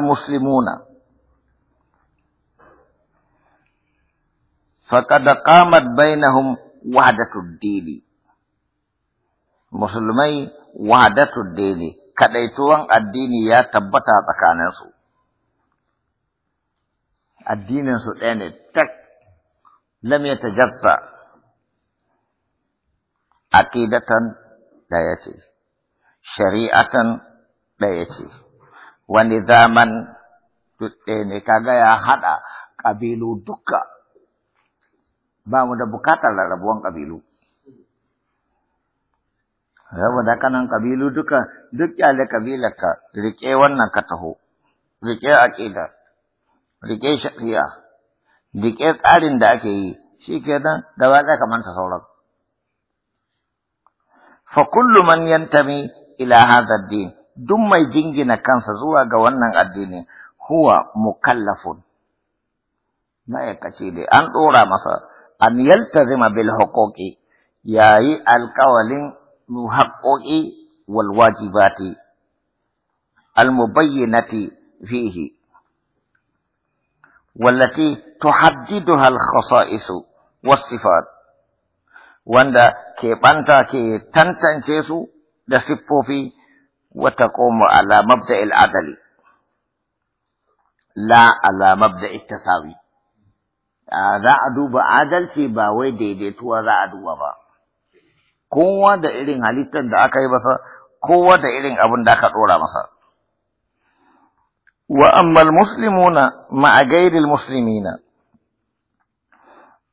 المسلمون فقد قامت بينهم وعدة الدين مسلمي وعدة الدين كديتوان الدين يا تبتا تكانسو الدين سؤالي تك لم يتجزأ عقيدة لا يتي شريعة لا يتي wani zaman dutse ne kaga ya haɗa ƙabilu duka ba mu da bukatar rarrabuwan ƙabilu. Saboda kanan ƙabilu duka duk ƙyale ƙabilarka riƙe wannan ka taho, riƙe aqida riƙe shari'a, riƙe tsarin da ake yi, shi ke ba gaba ka kamanta sauran. Fa kullu man yantami ila hadha din duk mai jingina kansa zuwa ga wannan addini huwa mukallafun kace dai an dora masa an yaltazima bil huquqi yayi mu haqqi wal wajibati al mubayyinati fihi wallati tuhaddiduha al khasa'isu was sifat wanda ke banta ke tantance su da siffofi وتقوم على مبدأ العدل لا على مبدأ التساوي هذا عدو بعدل في باوي دي دي هذا عدو وبا كوة دا إلين هاليتن دا أكاي بسا كوة دا إلين أبن دا كتورا مسا وأما المسلمون مع غير المسلمين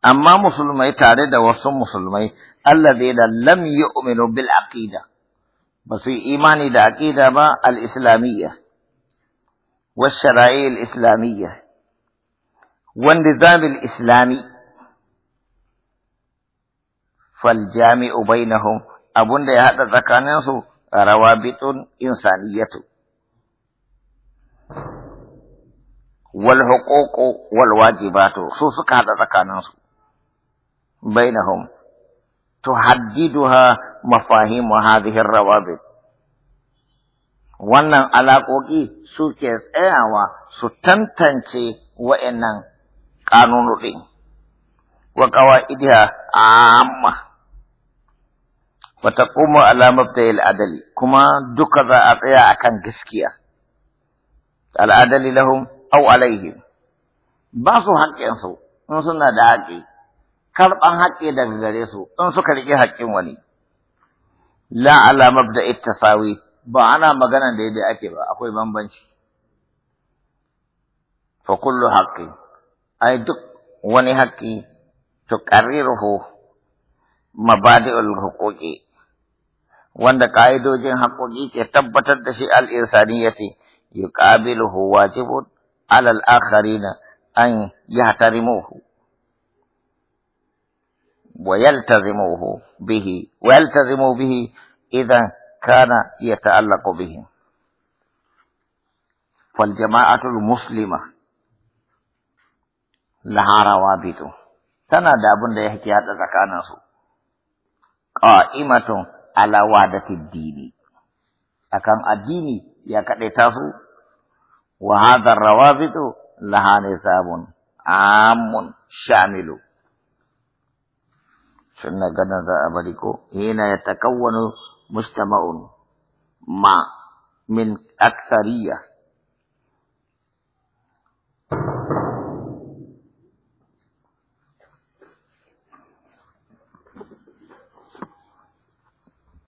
أما مسلمي تاري دا وصم مسلمي الذين لم يؤمنوا بالعقيدة ba su yi imani da aƙida والشرائع al الإسلامية والنظام الإسلامي فالجامع بينهم أبن دي هذا تكانينسو روابط إنسانية والحقوق والواجبات سوسك هذا تكانينسو بينهم تحددها مفاهيم هذه الروابط wannan alaƙoƙi suke tsayawa su tantance wayannan ƙanunuɗin wa a amma wata kuma alamar da al'adali kuma duka za a tsaya a kan gaskiya al'adali lahum au alaihim ba su haƙƙinsu in suna da haƙƙi Karɓan haƙƙi daga gare su in suka riƙe haƙƙin wani la ala mabda ittasawi ba ana magana da yadda ake ba akwai bambanci fa kullu haqqi ai duk wani haƙƙi tuqarriruhu mabadi'ul huquqi wanda ka'idojin haƙoƙi ke tabbatar da shi al al'irsaniyati yuqabiluhu wajibun alal akharina an yahtarimuhu ويلتزموه به ويلتزموا به إذا كان يتعلق به فالجماعة المسلمة لها روابط تنا دابن ده احتياط زكانا قائمة على وعدة الدين أكان الدين يا كدتاسو وهذا الروابط لها نساب عام شامل sunna ganin za a bari ko yana ya takawwanu mustama'un ma min aksariya